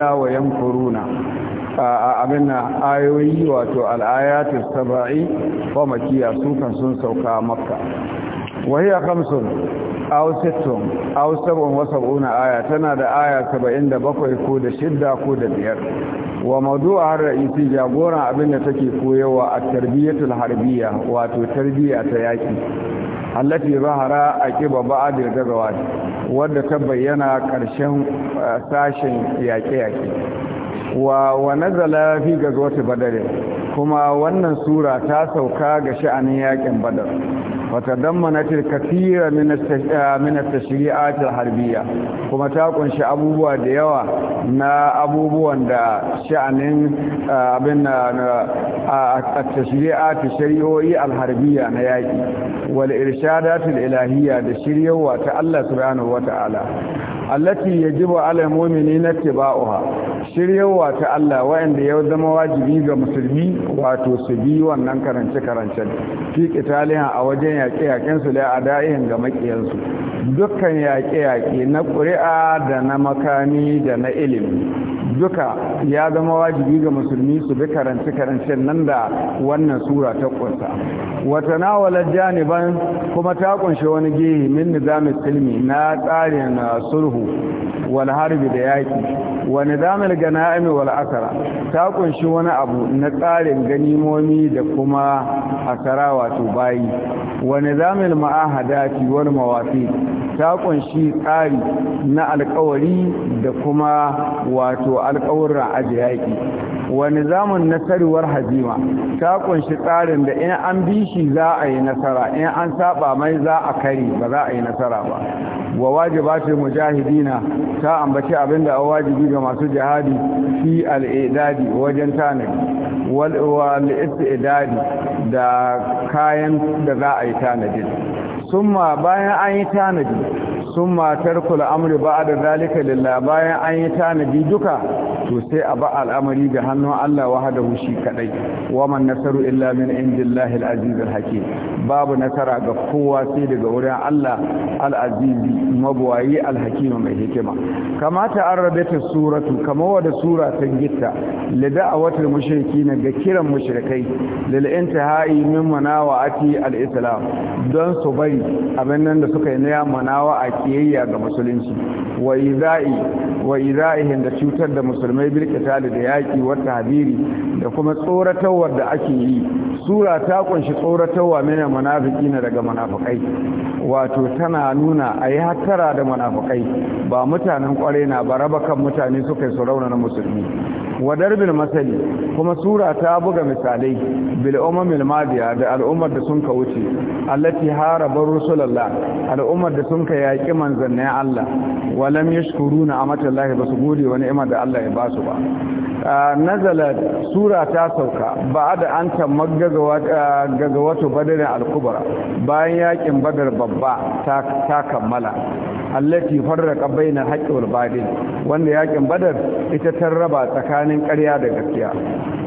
wa yanfuruna abin na ayoyi wato al'ayatu saba'i wa makiya sukan sun sauka makka wa hiya khamsun aw sittun aw sab'un wa sab'una aya tana da aya 77 ko da shidda ko da biyar wa mawdu'a ra'isi jagoran abin da take koyewa a tarbiyatul harbiya wato tarbiyya ta yaki allati zahara aqiba ba'd al-gazawat wadda ta bayyana ƙarshen uh, sashen yaƙe-yaƙe wa wa nazala fi zuwa ta kuma wannan sura ta sauka ga sha'anin yaƙin badar وتضمنت الكثير من من التشريعات الحربية كما تكون شي ابوبوا da yawa na abubuwan da sha'anin abin a alharbiya na yaki wal irshadat ilahiyya da shiryawa ta Allah subhanahu wataala allati yajibu ala mu'minina tibauha shiryawa ta Allah waɗanda ya zama wajibi ga musulmi wato su bi wannan karance karance fi qitaliha a wajen yaƙe-yaƙensu da a da'ihin ga makiyarsu dukkan yaƙe-yaƙe na ƙuri'a da na makami da na ilimi duka ya zama wajibi ga musulmi su bi karance karance nan da wannan sura ta kunsa wata tanawalat janiban kuma ta kunshi wani gehe min nizamin silmi na tsarin uh, sulhu wal harbi da yaki wa nizamil ganaimi wal asara ta kunshi wani abu na tsarin ganimomi da kuma asara wato bayi wa nizamil ma'ahadati wal mawafi ta kunshi tsari na alkawari da kuma wato alƙawurran aji yaƙi Wani nizamun nasarwar hazima ta kunshi tsarin da in an bi shi za a yi nasara in an saba mai za a kari ba za a yi nasara ba wa wajibatul mujahidina ta ambaci abinda a wajibi ga masu jihadi fi al wajen tanadi wal istidadi da kayan da za a yi tanadi summa bayan an yi tanadi sun matar kula amri ba da zalika lillah bayan an yi tanadi duka to sai a ba al'amari ga hannun Allah wahadahu shi kadai wa man nasaru illa min indillahi al hakim babu nasara ga kowa sai daga wurin Allah al-azizi mabwayi al-hakim mai hikima Kamata rabe ta suratu kama wada sura ta gitta li da'awatil na ga kiran mushrikai lil intihai min manawa al-islam don su bari abin nan da suka yi na manawa a kiyayya ga musulunci wa iza'i wa iza'ihim da cutar da musulmai birkita qitali da yaki wata habiri da kuma tsoratarwar da ake yi sura ta ƙunshi tsoratarwa mena na daga munafikai wato tana nuna ayi hattara da munafikai ba mutanen kware na ba raba kan mutane suka su rauna na musulmi wadar bil masali kuma sura ta buga misalai bil umamil madiya da al'ummar da sun ka wuce allati harabar rusulullah al'ummar da sun ka yaki manzannin Allah walam yashkuruna amatallahi basu gode wani ni'imar da Allah ya basu ba nazala sura ta sauka ba da an tammar gaga wato badarin alkubara bayan yakin badar babba ta kammala allafi farraqa bainal na wal badin wanda yakin badar ita ta raba tsakanin ƙarya da gaskiya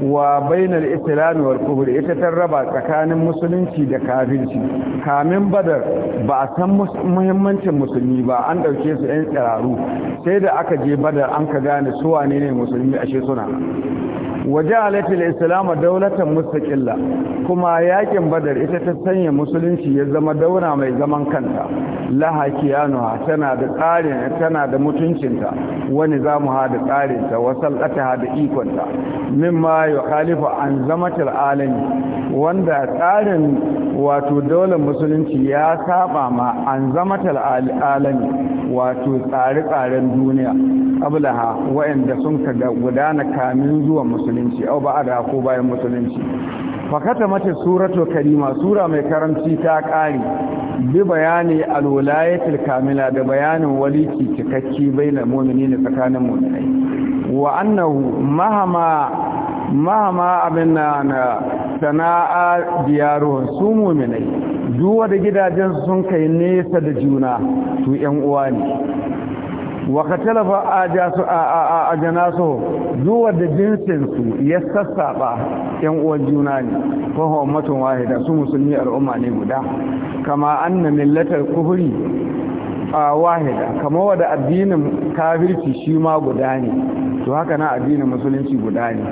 wa bainal islami wal ita ta raba tsakanin musulunci da kafirci kamin badar ba a san muhimmancin musulmi ba an ɗauke su yan tsiraru sai da aka je badar an ka gane su wane ne musulmi ashe suna waje alatul islam daulatan mustaqilla kuma yakin badar ita ta sanya musulunci ya zama daura mai zaman kanta laha kiyanuha tana da tsarin tana da mutuncinta wani zamu ha da tsarinta wa sallataha da ikonta mimma Khalifa, an zamatil alami wanda tsarin wato daular musulunci ya saba ma an zamatil alami wato tsare-tsaren duniya ablaha waɗanda sun ka gudana kamin zuwa musulunci musulunci au ba da ko bayan musulunci fakata mata suratu karima sura mai karanci ta ƙare bi bayani alwalayatul kamila da bayanin waliki cikakki bainal mu'minin tsakanin mu'minai wa annahu mahama mahama abinna na sana'a diyaruhun su muminai duwa da gidajen sun kai nesa da juna su yan uwa ne wa katalafa a janaso zuwa da jinsinsu ya sassaɓa 'yan'uwan juna ne ko hawan wahida su musulmi al'umma ne guda kama anna millatar kuhuri a wahida kama wada addinin kabirci shi ma guda ne to haka na addinin musulunci guda ne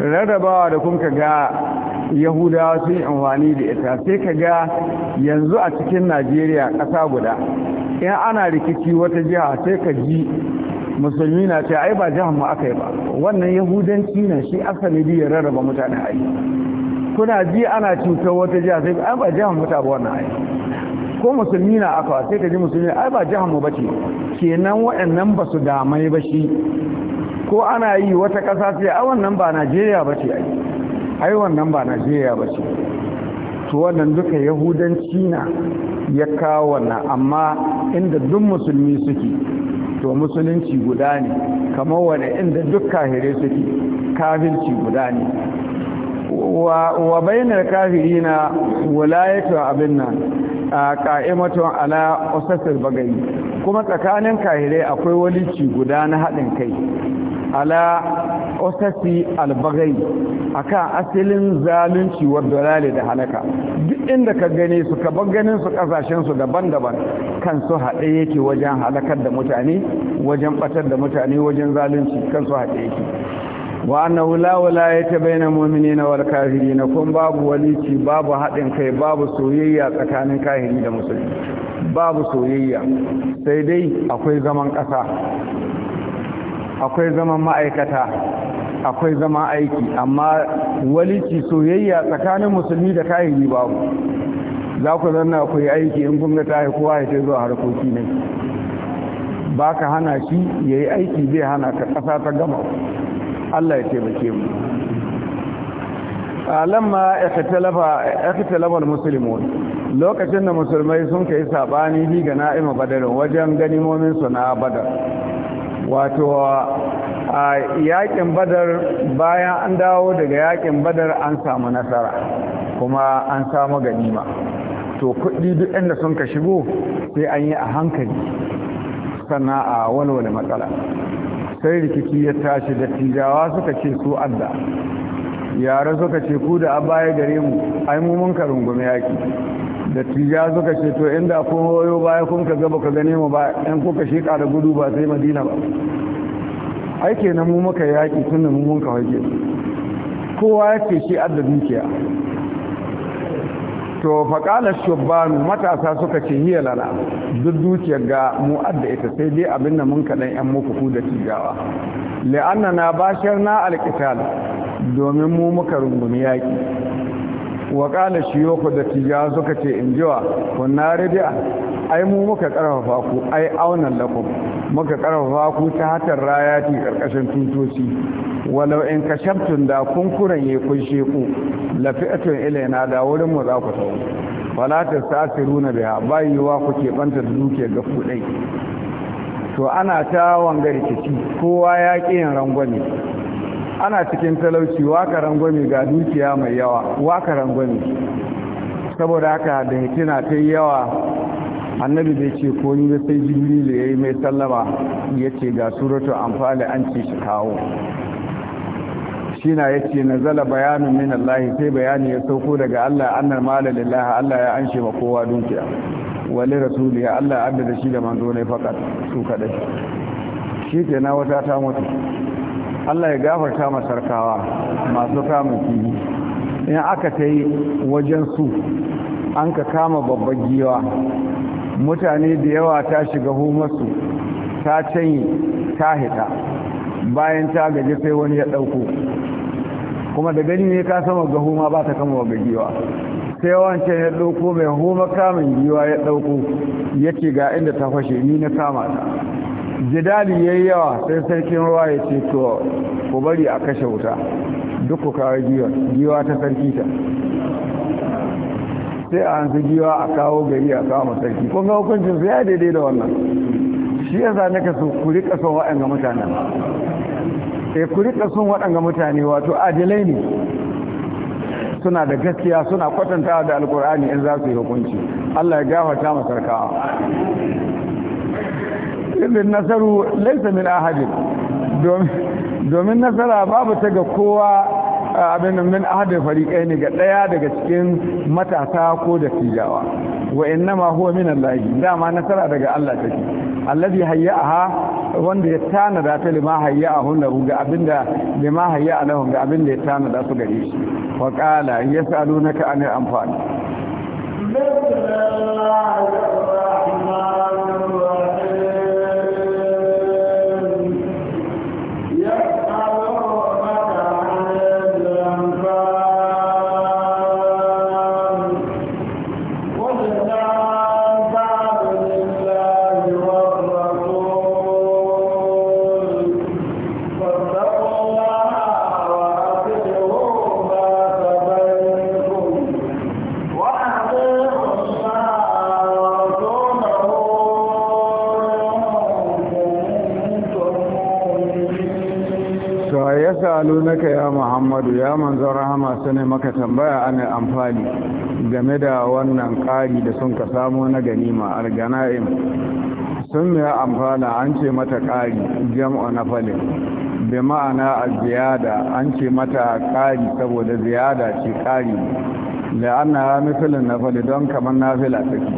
rarrabawa da kun ga yahudawa sun yi amfani da ita sai ka ga yanzu a cikin najeriya ƙasa guda in ana rikici wata jiha sai ka ji musulmi na ce ai ba jihar mu aka yi ba wannan yahudanci ne shi asali ya rarraba mutane ai kuna ji ana cuta wata jiha sai ai ba jihar mu ta ba wannan ai ko musulmi na aka sai ka ji musulmi ai ba jihar mu bace kenan waɗannan ba su damai ba shi ko ana yi wata ƙasa sai ai wannan ba Najeriya bace ai ai wannan ba Najeriya bace to wannan duka yahudanci na ya kawo wannan amma inda duk musulmi suke to musulunci guda ne kamar wanda inda duk kahire suke kafirci guda ne wa bainar kafiri na wulayatu abin nan ka'imatun ala usasir bagayi kuma tsakanin kahire akwai walici guda na haɗin kai ala usasi albagai akan asalin zalunci wa dalali da halaka duk inda ka gane su ka bar ganin su kasashen su daban-daban kan su haɗe yake wajen halakar da mutane wajen batar da mutane wajen zalunci kan su haɗe yake wa wala wala na bainal mu'minina wal kafirin kun babu walici babu haɗin kai babu soyayya tsakanin kafiri da musulmi babu soyayya sai dai akwai zaman ƙasa akwai zaman ma'aikata akwai zama aiki amma walici soyayya tsakanin musulmi da kahiri babu za ku zanna ku aiki in kuma ta tahi kowa ya zuwa harkoki ne ba ka hana shi ya yi aiki zai hana ka ƙasa ta gama Allah ya taimake mu alamma ikhtilafal muslimun lokacin da musulmai sun kai sabani bi ga na'ima badarin wajen ganimomin su na badar wato a yakin badar bayan an dawo daga yakin badar an samu nasara kuma an samu ganima to kuɗi duk inda sun ka shigo sai an yi a hankali sannan a walwale matsala sai rikici ya tashi da tijawa suka ce su adda yara suka ce ku da a baya gare mu ai mu mun ka yaki da tija suka ce to inda kun hoyo baya kun ka gaba ka gane mu ba in kuka shika da gudu ba sai madina ba aike na mu muka yaki tun da mu mun ka hoje kowa ya ce shi adda dukiya to faƙalar shubbanu matasa suka ce hiya lana duk dukiyar ga mu adda ita sai dai abin da mun ɗan ‘yan muku ku da tijawa la'anna na bashar na alƙital domin mu muka rungumi yaƙi wa ƙala shiyoko da tijiya suka ce in jiwa kunna rida ai mu muka ƙarfafa ku ai aunan ku. muka ƙarfafa ku ta hatar raya ce ƙarƙashin tutoci walau in kashabtun da kunkuran ya kunshe ku lafi'atun ilaina da wurin mu za ku tau wala ta sasiruna biha bayyuwa ku ke banta da duke ga ku to ana ta wanga rikici kowa ya ƙi yin rangwane. ana cikin talauci waka rangwami ga dukiya mai yawa waka rangwami saboda haka da hitina ta yi yawa annabi bai ce ko ni sai jibrilu ya yi mai sallama ya ce ga suratun amfani an ce shi kawo shina ya ce na zala bayanin min Allah sai bayani ya sauko daga Allah annar mala Allah ya anshe ma kowa dukiya wali rasuli ya Allah adda da shi da manzo ne fakat su kadai shi ke na wata ta mutu Allah ya gafarta masarkawa masu kama kifi in aka ta wajen su an ka kama babban giwa mutane da yawa ta shiga homarsu ta canyi ta hita bayan ta gaji sai wani ya ɗauko kuma da gani ne ka sama ga homa ba ta kama babban giwa sai wancan ya ɗauko mai homa kamun giwa ya ɗauko yake ga inda ta fashe ni na kama ta jidali ya yi yawa sai sarkin ruwa ya ce to ku bari a kashe wuta duk ku kawo giwa giwa ta sarki ta sai a hansu giwa a kawo gari a kawo masarki kun ga hukuncin su ya daidai da wannan shi ya sa naka su ku rika son waɗanga mutanen sai eh, ku rika son waɗanga mutane wato adilai ne suna da gaskiya suna kwatantawa da alkur'ani in za su yi hukunci allah ya gafata masarkawa izin nasaru laisa min ahadin domin nasara babu ta ga kowa abin da min ahadin fariƙai ne ga ɗaya daga cikin matasa ko da tijawa wa inna ma huwa min Allah dama nasara daga Allah take allazi hayya'aha wanda ya tanada ta lima hayya'ahu lahu ga abinda lima hayya'a lahu ga abinda ya tanada su gare shi wa qala yas'alunaka anil anfal muhammadu ya manzon rahama su ne maka tambaya ana amfani game da wannan ƙari da sun ka samo na ganima algana'im sun ya amfana an ce mata ƙari jam'a na falin bi ma'ana a ziyada an ce mata ƙari saboda ziyada ce ƙari da an na misalin na fali don kamar na fila take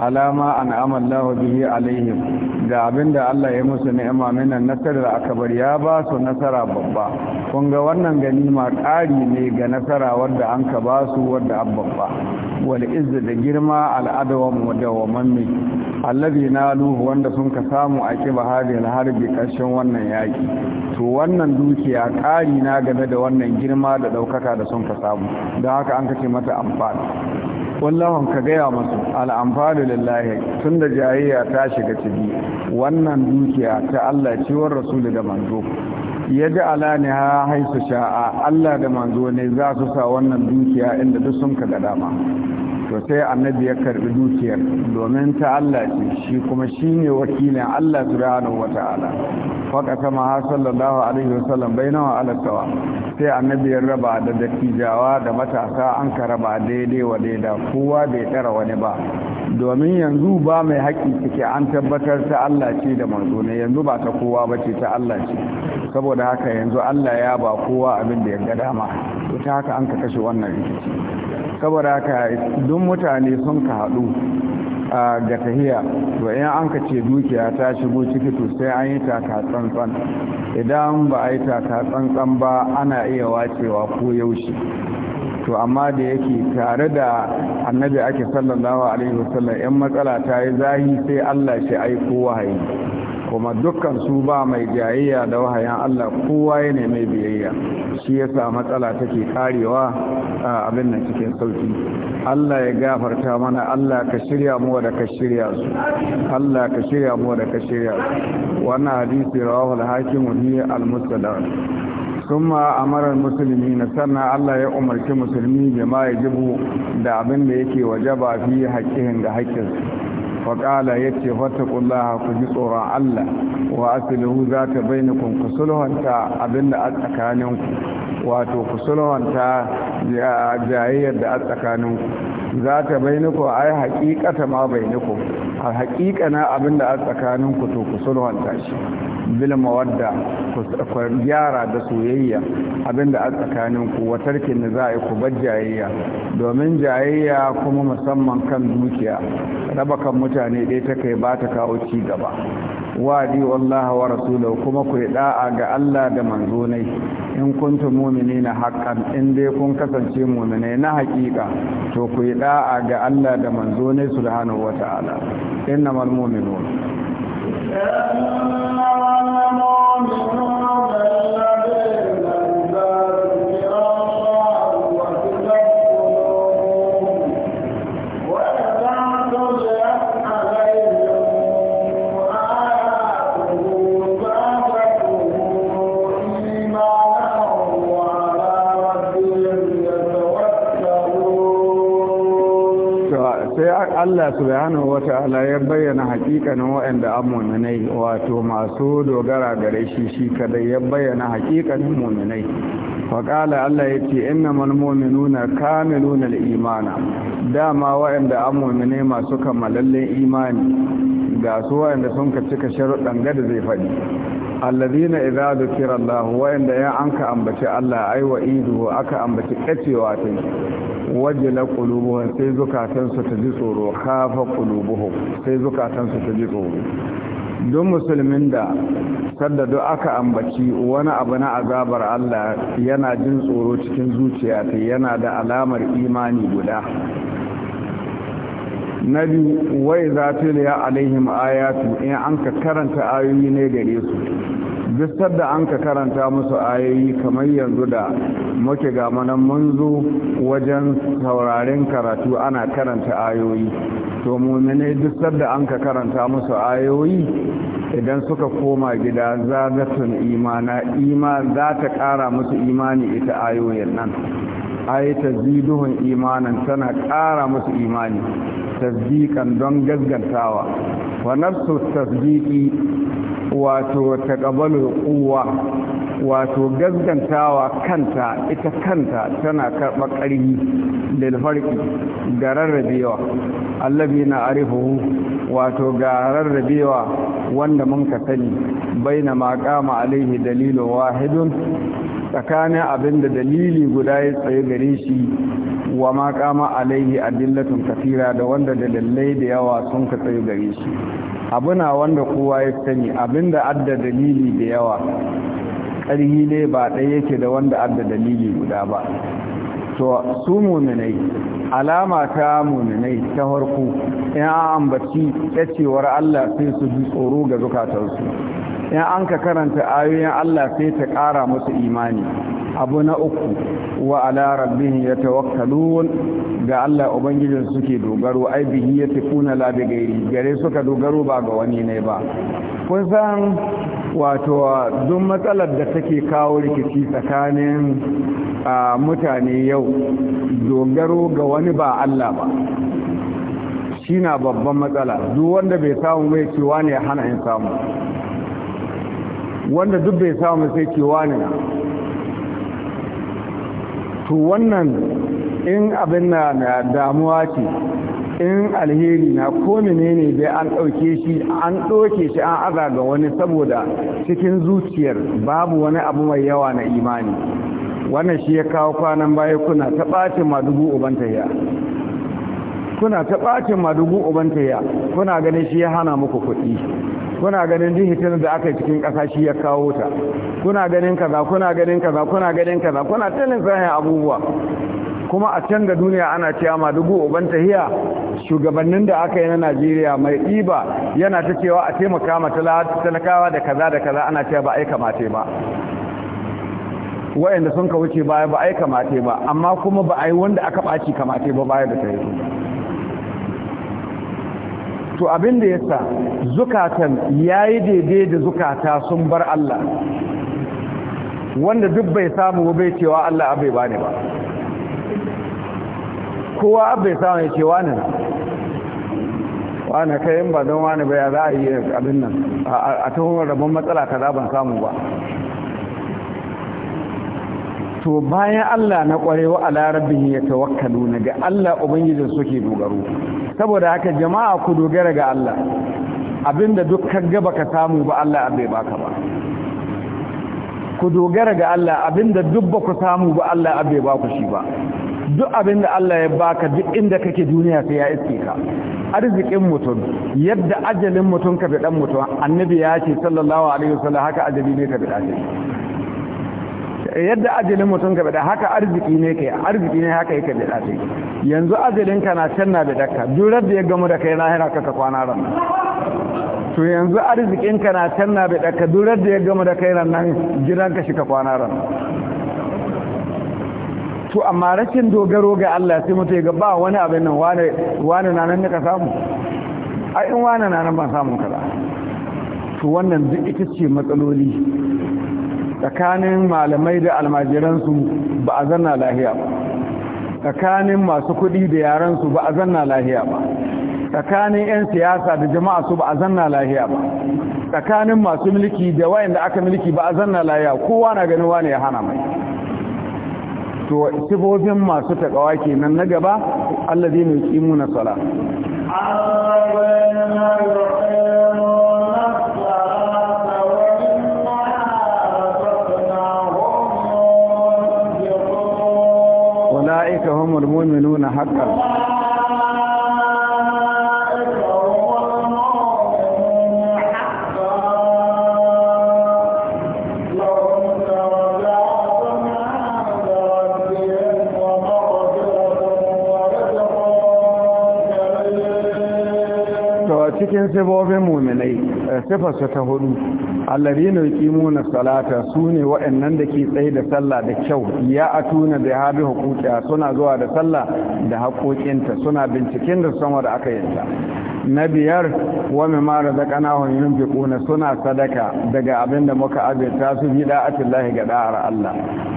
alama an amallahu bihi alaihim da abinda Allah ya musu ni'ima minan nasarar da aka bar ya ba su nasara babba kun ga wannan ganima ƙari ne ga nasara wadda an ka ba su wadda an babba wal izza da girma mu wa wadawamammi allazi na wanda sun ka samu a kiba al harbi kashin wannan yaki to wannan dukiya ƙari na game da wannan girma da ɗaukaka da sun ka samu don haka an kace mata amfani kullahun ka gaya masu al'amfani lillahi tun da jayayya ta shiga ciki wannan dukiya ta Allah ciwon rasulu da manzo ya ji alani ha haisu sha'a Allah da manzo ne za su sa wannan dukiya inda duk sun ka ga dama to sai annabi ya karbi dukiyar domin ta Allah ce shi kuma shi ne wakilin Allah subhanahu wa ta'ala faka sama ha sallallahu alaihi wa sallam wa ala tawa sai annabi ya raba da dattijawa da matasa an ka raba daidai wa daida kowa bai tsara wani ba domin yanzu ba mai haƙƙi take an tabbatar ta Allah ce da manzo ne yanzu ba ta kowa ba ce ta Allah ce saboda haka yanzu Allah ya ba kowa abin da ya ga dama to ta haka an ka kashe wannan rikici saboda haka duk mutane sun ka haɗu ga tahiya to in an ka ce dukiya ta shigo ciki to sai an yi taka tsantsan idan ba a yi taka tsantsan ba ana iya wacewa ko yaushe to amma da yake tare da annabi ake sallallahu alaihi wasallam in matsala ta yi zahi sai Allah shi aiko wahayi kuma dukkan su ba mai jayayya da wahayin Allah kowa ya ne mai biyayya shi yasa matsala take karewa a abin nan cikin sauki Allah ya gafarta mana Allah ka shirya mu da ka shirya su Allah ka shirya mu da ka shirya su wannan hadisi rawahu al-hakim ni al mustada summa amara musulmi na sanna Allah ya umarci musulmi bima jibu da abin da yake wajaba fi haƙƙin da haƙƙinsu faƙala ya ce fatakullaha ku ji tsoron Allah wa asilihu za ta bainakun ku sulhanta abin da a tsakaninku wato ku sulhanta jayayyar da a tsakaninku za ta bainakun ai haƙiƙata ma ku a haƙiƙana abin da a tsakaninku to ku sulhanta shi bilma wadda ku gyara da soyayya abinda a tsakanin ku wa tarkin da za a yi ku bar jayayya domin jayayya kuma musamman kan dukiya raba kan mutane ɗaya ta kai ba ta kawo ci gaba wadi wallaha wa rasulu kuma ku yi da'a ga Allah da manzonai in kuntum mu'minina haqqan in dai kun kasance mu'minai na haƙiƙa to ku yi da'a ga Allah da manzo ne subhanahu wata'ala innamal mu'minun Allah subhanahu wa ta'ala ya bayyana hakikanin waɗanda an wato masu dogara gare shi shi kadai ya bayyana hakikanin muminai faƙala Allah ya ce innamal muminuna kamiluna imana dama waɗanda an masu kammalallin imani ga su waɗanda sun ka cika sharuɗan gada zai faɗi alladhina idza dhukira Allah wayanda ya anka ambaci Allah ai wa idu aka ambaci kacewa ta wajila qulubuhum sai zukatan su ta ji tsoro kafa qulubuhum sai zukatan su ta ji tsoro don musulmin da sadda aka ambaci wani abu na azabar Allah yana jin tsoro cikin zuciya ta yana da alamar imani guda nabi wai za ta liya alaihim ayatu in an ka karanta ayoyi ne gare su duk da an ka karanta musu ayoyi kamar yanzu da muke ga manan munzu wajen sauraren karatu ana karanta ayoyi to mummune duk da an ka karanta musu ayoyi idan suka koma gida zagatun imana ima za ta kara musu imani ita ayoyin nan ayi taziduhun imanan tana kara musu imani tasdikan don gaggantawa wa nafsu tasdiqi wato ta taqabalu kuwa wato gaskantawa kanta ita kanta tana karɓar ƙarfi da farki ga rarrabewa allabi na arifuhu wato ga rarrabewa wanda mun ka sani baina na maƙama alaihi dalilin wahidun tsakanin abinda dalili guda ya tsaye gare shi wa maƙama alaihi adillatun kafira da wanda dalilai da yawa sun ka tsaye gare shi abuna wanda kowa ya sani abinda adda dalili da yawa ƙarhi ne ba ɗaya yake da wanda adda dalili guda ba to su muminai alama ta muminai ta harku in ambaci yacewar Allah sai su ji tsoro ga zukatarsu in an ka karanta ayoyin Allah sai ta ƙara musu imani abu na uku wa ala ya tawakkalun ga Allah ubangijin suke dogaro ai bihi ya la bi gare suka dogaro ba ga wani ne ba kun san wato duk matsalar da take kawo rikici tsakanin mutane yau dogaro ga wani ba Allah ba shi na babban matsala duk wanda bai samu mai cewa ne hana in samu wanda duk bai samu sai cewa ne to wannan in abin na damuwa ce in alheri na ko menene bai an ɗauke shi an ɗauke shi an aza ga wani saboda cikin zuciyar babu wani abu mai yawa na imani wannan shi ya kawo kwanan baya kuna ta ɓacin ma dubu ubanta ya kuna ta ɓacin ma dubu ubanta ya kuna ganin shi ya hana muku kuɗi kuna ganin jihitin da aka yi cikin ƙasa shi ya kawo ta kuna ganin kaza kuna ganin kaza kuna ganin kaza kuna tanin sahihin abubuwa kuma a can ga duniya ana cewa ma dubu uban tahiya shugabannin da aka yi na Najeriya mai ɗiba yana ta cewa a taimaka ma talakawa da kaza da kaza ana cewa ba a yi kamate ba wayanda sun ka wuce baya ba a yi kamate ba amma kuma ba a yi wanda aka ɓaci kamate ba baya da ta yi to abin da yasa zukatan yayi daidai da zukata sun bar Allah wanda duk bai samu bai cewa Allah abai ne ba kowa bai samu ya cewa ne wani kai in ba don wani bai za a yi abin nan a tuhon rabon matsala kaza ban samu ba to bayan Allah na kwarewa a larabin ya tawakkalu na ga Allah ubangijin suke dogaro saboda haka jama'a ku dogara ga Allah abinda dukkan gaba ka samu ba Allah bai baka ba ku dogara ga Allah abinda duk ku samu ba Allah bai baku shi ba duk abinda Allah ya baka duk inda kake duniya sai ya iske ka arzikin mutum yadda ajalin mutum ka bi dan mutum annabi ya ce sallallahu alaihi wasallam haka ajali ne ka bi dace yadda ajalin mutum ka bada haka arziki ne kai arziki ne haka yake da sai yanzu ajalin ka na canna da dakka durar da ya gamu da kai lahira ka kwana ran to yanzu arzikin ka na canna da dakka durar da ya gamu da kai ran nan gidan ka shi ka kwana ran to amma rashin dogaro ga Allah sai mutum ga ba wani abin nan wani wani na nan ne ka samu ai in wani na nan ban samu kaza to wannan duk ita ce matsaloli tsakanin malamai da almajiransu ba a zanna lahiya ba tsakanin masu kuɗi da yaransu ba a zanna lahiya ba tsakanin 'yan siyasa da jama'a su ba a zanna lahiya ba tsakanin masu mulki da wayanda aka mulki ba a zanna lahiya kowa na ganin wani ya hana mai to sifofin masu takawa kenan na gaba allazi ne na sala Allah المؤمنون حقا cikin sifofin muminai sifarsa ta hudu alladhina yuqimuna salata sune waɗannan da ke tsaye da sallah da kyau ya atuna bi habi huquqiha suna zuwa da sallah da haƙoƙinta suna binciken da sama da aka yanta na biyar wa mimma razaqnahum yunfiquna suna sadaka daga abinda muka azurta su bi da'atillahi ga da'ar Allah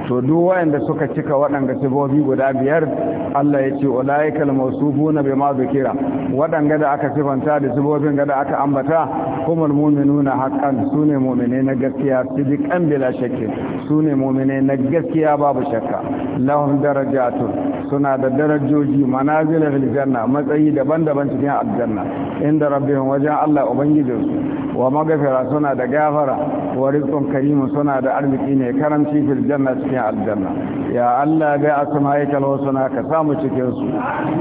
to duk wa'anda suka cika waɗanga sibobi guda biyar Allah ya ce ulaikal mawsubuna bima zikira waɗanga da aka sifanta da sibobin ga da aka ambata humul mu'minuna haqqan sune muminai na gaskiya sidiqan bila shakki sune muminai na gaskiya babu shakka lahum darajatu suna da darajoji manazilar janna matsayi daban-daban cikin aljanna inda rabbihim wajen Allah ubangijinsu wa magafira suna da gafara wa rizqun karimu suna da arziki ne karamci fil janna cikin aljanna ya Allah bai asma'ikal husna ka samu cikin su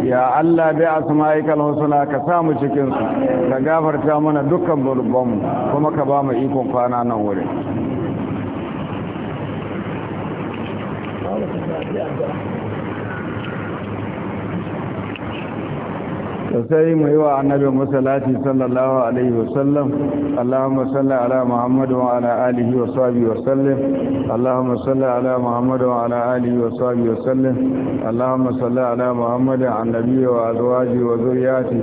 ya Allah bai asma'ikal husna ka samu cikin su ka gafarta mana dukkan burbanmu kuma ka ba mu ikon kwana nan wuri. Thank you. sai mu yi wa annabi masalati sallallahu alaihi wa sallam! allahumma salli ala muhammad wa ala alihi wa sahbihi wa sallim allahumma salli ala muhammad wa ala alihi wa sahbihi wa sallim allahumma salli ala muhammad annabi wa azwaji wa zuriyati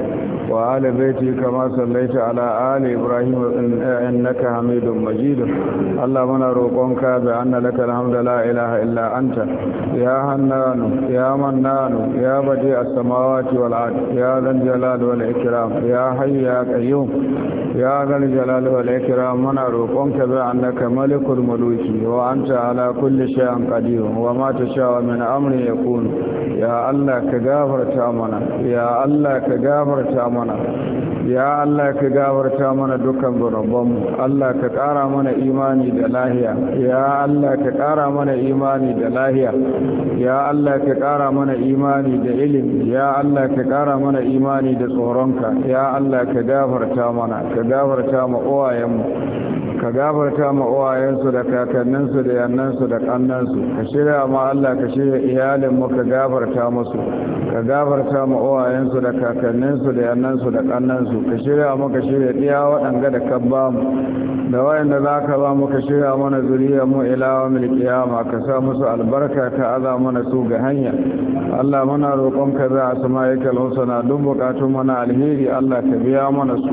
wa ala baiti kama sallaita ala ali ibrahim innaka hamidum majid allah muna roƙonka bi anna lakal hamdu la ilaha illa anta ya hannanu ya mannanu ya badi as-samawati wal ard ya الجلال والإكرام يا حي يا قيوم يا ذا الجلال والإكرام منا روقونك بأنك ملك الملوك وأنت على كل شيء قدير وما تشاء من أمر يكون يا الله كجافر تامنا يا الله كجافر تامنا ya Allah ka gawarta mana dukkan zunubanmu Allah ka ƙara mana imani da lahiya ya Allah ka ƙara mana imani da lahiya ya Allah ka ƙara mana imani da ilimi ya Allah ka ƙara mana imani da tsoronka ya Allah ka gafarta mana ka gafarta ma uwayenmu ka gafarta ma uwayensu da kakanninsu da yannansu da ƙannansu. ka shirya ma Allah ka shirya iyalinmu ka gafarta musu ka gafarta ma uwayensu da kakanninsu da yannansu da ƙannansu. ka shirya mu ka shirya iya waɗanga da ka ba mu da wayanda za ka ba mu ka shirya mana zuriyar mu ilawa mil kiyama ka sa musu albarka ta aza mana su ga hanya Allah muna roƙon ka za a samayika husna duk bukatun mana alheri Allah ka biya mana su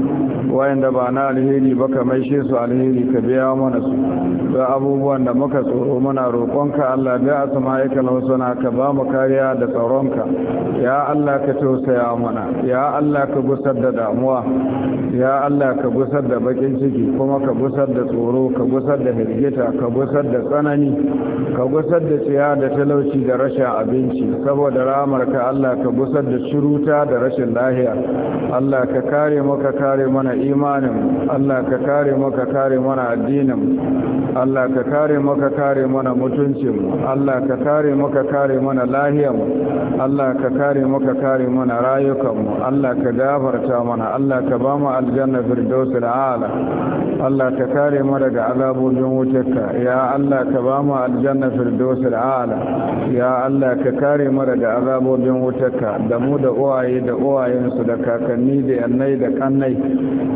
wayanda ba na alheri ba ka maishe su alheri alheri ka biya mana su da abubuwan da muka tsoro muna roƙonka Allah bi asma'ikal husna ka ba mu kariya da tsaronka ya Allah ka tausaya mana ya Allah ka gusar da damuwa ya Allah ka gusar da bakin ciki kuma ka gusar da tsoro ka gusar da hirgita ka gusar da tsanani ka gusar da tsiya da talauci da rashin abinci saboda ramarka Allah ka gusar da shiruta da rashin lahiya Allah ka kare mu ka kare mana imanin Allah ka kare mu ka kare mana. mana addinin Allah ka kare mu ka kare mana mutuncin Allah ka kare mu ka kare mana Allah ka kare kare mana Allah ka gafarta mana Allah ka ba mu aljanna Allah ka kare mu daga wutarka ya Allah ka ba mu aljanna ya Allah ka kare mu daga azabobin wutarka da mu da uwaye da uwayensu da kakanni da yannai da kannai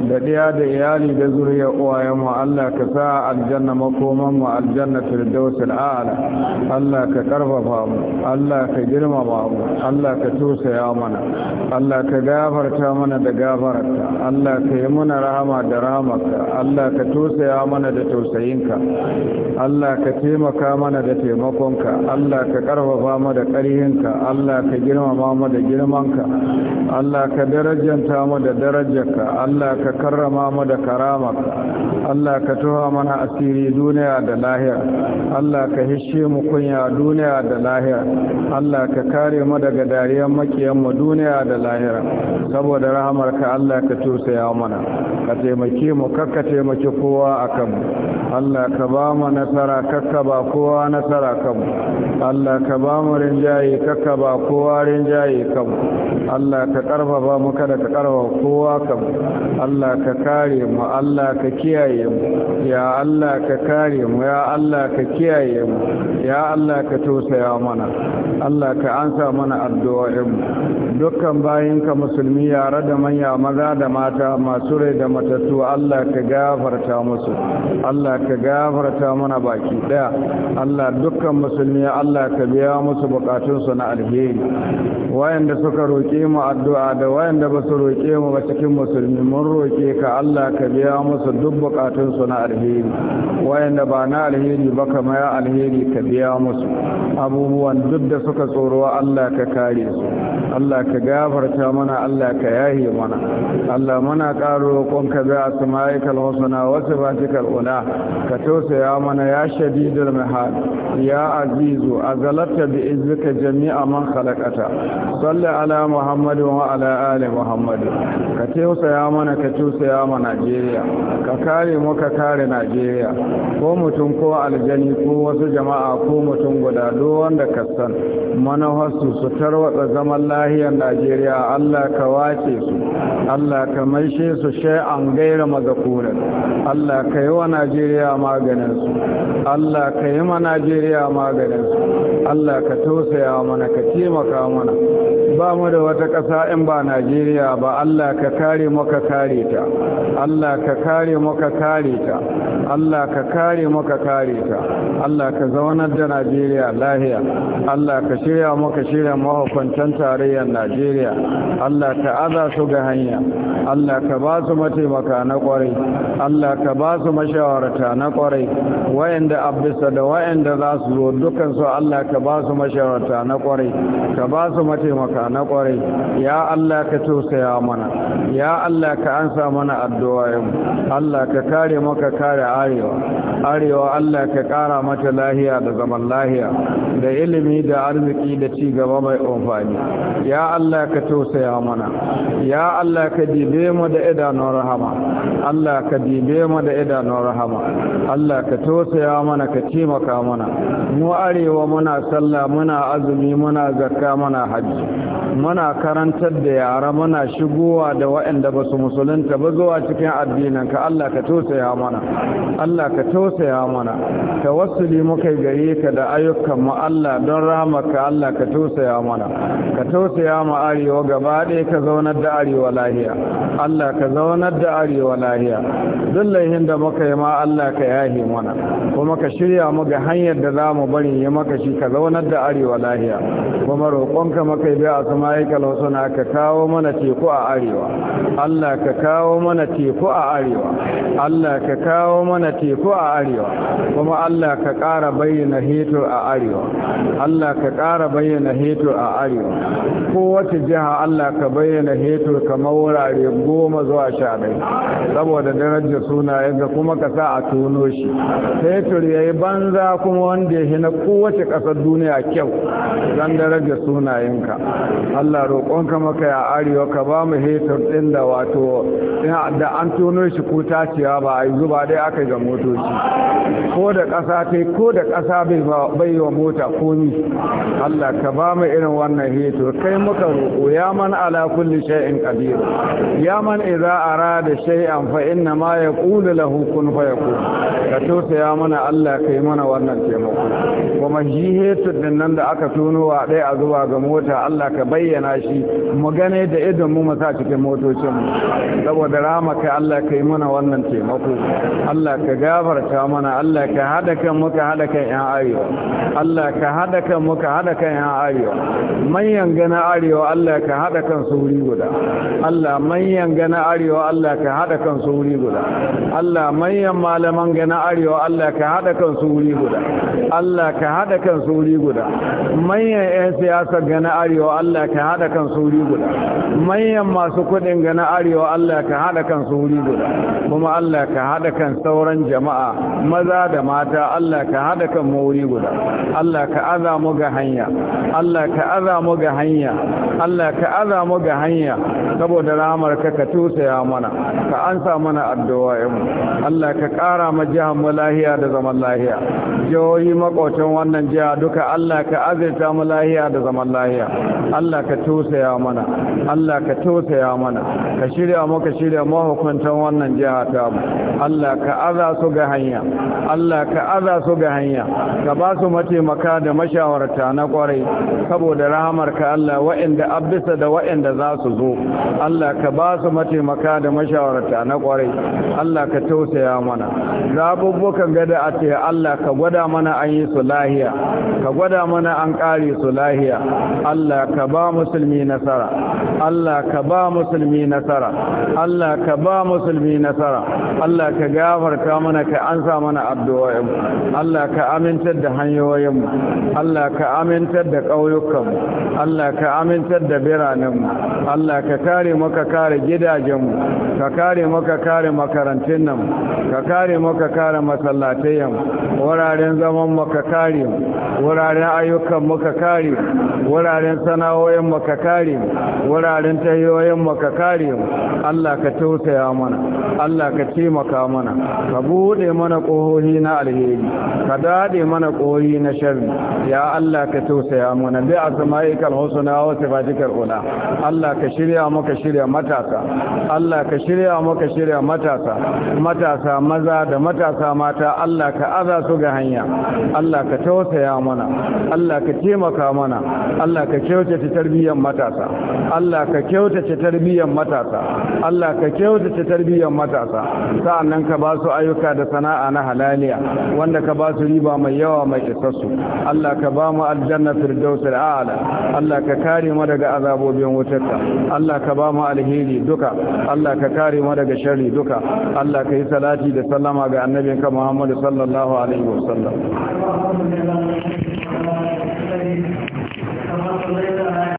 da diya da iyali da zuriyar uwayen mu Allah ka sa aljanna makoman mu aljanna firdausul a'la Allah ka karfafa mu Allah ka girmama mu Allah ka tusaya mana Allah ka gafarta mana da gafararka Allah ka yi mana rahama da rahamarka Allah ka tusaya mana da tausayinka Allah ka taimaka mana da taimakonka Allah ka karfafa mu da ƙarhinka Allah ka girmama mu da girmanka Allah ka darajanta mu da darajarka Allah ka karrama mu da karamarka Allah Allah ka towa mana asiri duniya da lahiya Allah ka hishe mu kunya duniya da lahiya Allah ka kare mu daga dariyar makiyan mu duniya da lahira saboda rahamar ka Allah ka ya mana ka taimake mu kakka taimake kowa akan mu Allah ka ba mu nasara kakka ba kowa nasara kan mu Allah ka ba mu rinjaye kakka ba kowa rinjaye kan mu Allah ka karfafa mu kada ka karfafa kowa kan mu Allah ka kare mu Allah ka kiyaye mu ya Allah ka kare mu ya Allah ka kiyaye mu ya Allah ka tausaya mana Allah ka ansa mana addu'o'in mu dukkan bayinka musulmi yare da manya maza da mata masu rai da matattu Allah ka gafarta musu Allah ka gafarta mana baki daya Allah dukkan musulmi Allah ka biya musu bukatunsu na alheri wayanda suka roƙe mu addu'a da wayanda ba su roƙe mu ba cikin musulmi mun roke ka Allah ka biya musu duk bukatun bukatunsu na alheri wayanda ba na alheri ba kama ya alheri ka biya musu abubuwan duk da suka tsoro Allah ka kare su Allah ka gafarta mana Allah ka yahe mana Allah muna ƙaro roƙonka bi asma'ikal husna wa sifatikal ula ka tausaya mana ya shadidul mihal ya azizu azalatta bi izzika jami'a man khalaqata salli ala muhammad wa ala ali muhammad ka tausaya mana ka tausaya mana Najeriya ka kare mu muka kare najeriya ko mutum ko aljani ko wasu jama'a ko mutum guda duk wanda ka san manahasu su tarwatsa zaman lahiyar najeriya allah ka wace su allah ka maishe su sha'an gaira mazakuran allah ka yi wa najeriya maganin su allah ka yi ma najeriya maganin su allah ka tausaya mana ka taimaka mana ba mu da wata ƙasa in ba najeriya ba allah ka kare maka kare ta allah ka kare maka kare kare ta Allah ka kare maka kare ta Allah ka zaunar da Najeriya lahiya Allah ka shirya maka shirya mahaukantan tarayyar Najeriya Allah ka aza su ga hanya Allah ka ba su mataimaka na kwarai Allah ka ba su mashawarta na kwarai wayanda abisa da wayanda za su zo dukan su Allah ka ba su mashawarta na kwarai ka ba su mataimaka na kwarai ya Allah ka tausaya mana ya Allah ka ansa mana addu'a Allah ka kare kare maka kare arewa arewa Allah ka kara mata lahiya da zaman lahiya da ilimi da arziki da ci gaba mai amfani ya Allah ka tausaya mana ya Allah ka dibe mu da idanun rahama Allah ka dibe mu da idanun rahama Allah ka tausaya mana ka taimaka mana mu arewa muna sallah muna azumi muna zakka muna hajji muna karantar da yara muna shigowa da waɗanda ba su musulunta ba zuwa cikin addinin ka Allah ka tausaya tausaya mana Allah ka tausaya mana tawassuli muka gare ka da ayyukan mu Allah don rahmaka Allah ka tausaya mana ka tausaya mu arewa gaba ɗaya ka zaunar da arewa lahiya Allah ka zaunar da arewa lahiya duk laihin da muka yi ma Allah ka yahi mana kuma ka shirya mu ga hanyar da za mu bari ya maka shi ka zaunar da arewa lahiya kuma roƙonka maka bi a sumayikal wasu na ka kawo mana teku a arewa Allah ka kawo mana teku a arewa Allah ka kawo mana teku a arewa kuma Allah ka ƙara bayyana hetur a arewa Allah ka ƙara bayyana hetur a arewa Ko kowace jiha Allah ka bayyana hetur kamar wurare goma zuwa sha ɗaya saboda darajar suna yadda kuma ka sa a tono shi fetur ya yi banza kuma wanda ya hina kowace ƙasar duniya kyau don darajar sunayenka Allah roƙonka maka ya arewa ka ba mu hetur ɗin da wato da an tono shi ko tacewa ba yi zuba dai aka ga motoci ko da ƙasa ta ko da ƙasa bai yi wa mota komi Allah ka ba mu irin wannan heto kai muka roƙo ya man ala kulli shay'in qadir ya man idza arada shay'an fa inna ma yaqulu lahu kun fayakun ka tosa ya mana Allah kai mana wannan taimako kuma shi heto din nan da aka tono wa dai a zuba ga mota Allah ka bayyana shi mu gane da idan mu mu sa cikin motocinmu, saboda rama kai Allah kai mana wannan taimako Allah ka gafarta mana Allah ka hada kan muka hada kan yan arewa Allah ka hada kan muka hada kan yan arewa manyan gana arewa Allah ka hada kan su wuri guda Allah manyan gana arewa Allah ka hada kan su wuri guda Allah manyan malaman gana arewa Allah ka hada kan su wuri guda Allah ka hada kan su wuri guda manyan yan siyasa gana arewa Allah ka hada kan su wuri guda manyan masu kuɗin gana arewa Allah ka hada kan su wuri guda kuma Allah ka hada kan sauran jama'a maza da mata Allah ka hada kan mawuri guda Allah ka aza mu ga hanya Allah ka aza mu ga hanya Allah ka aza mu ga hanya saboda ramar ka ka tusaya mana ka ansa mana addu'a mu Allah ka kara ma jihar mu lahiya da zaman lahiya jihohi makocin wannan jiha duka Allah ka azirta mu lahiya da zaman lahiya Allah ka tusaya mana Allah ka tusaya mana ka shirya ka shirya hukuntan wannan jiha ta mu Allah ka aza su ga hanya Allah ka aza su ga hanya ka ba su mataimaka da mashawarta na kwarai saboda rahamarka Allah wa'anda abisa da wa'anda za su zo Allah ka ba su mataimaka da mashawarta na kwarai Allah ka tausaya mana zabubbukan gada a ce Allah ka gwada mana an yi su lahiya ka gwada mana an kare su lahiya Allah ka ba musulmi nasara Allah ka ba musulmi nasara Allah ka ba musulmi nasara Allah ka gafarta mana ka ansa mana addu'o'in Allah ka amintar da hanyoyin Allah ka amintar da ƙauyukan Allah ka amintar da biranen Allah ka kare maka kare gidajen ka kare maka kare makarantun nan ka kare maka kare masallatayen wuraren zaman maka kare wuraren ayyukan maka kare wuraren sana'o'in maka kare wuraren tayoyin maka kare Allah ka tausaya mana Allah ka taimaka taimaka mana ka buɗe mana ƙohohi na alheri ka daɗe mana ƙohohi na sharri ya Allah ka tausaya mana bi asma'ikal husna wa sifatikal ula Allah ka shirya maka shirya matasa Allah ka shirya maka shirya matasa matasa maza da matasa mata Allah ka aza su ga hanya Allah ka tausaya mana Allah ka taimaka mana Allah ka kyautata tarbiyyar matasa Allah ka kyautata tarbiyyar matasa Allah ka kyautata tarbiyyar matasa sa'an nan ka ba su ayyuka da sana'a na halaliya wanda ka ba su riba mai yawa mai isassu Allah ka ba mu aljanna firdausul a'la Allah ka kare mu daga azabobin wutarka Allah ka ba mu alheri duka Allah ka kare mu daga sharri duka Allah ka yi salati da sallama ga ka Muhammad sallallahu alaihi wasallam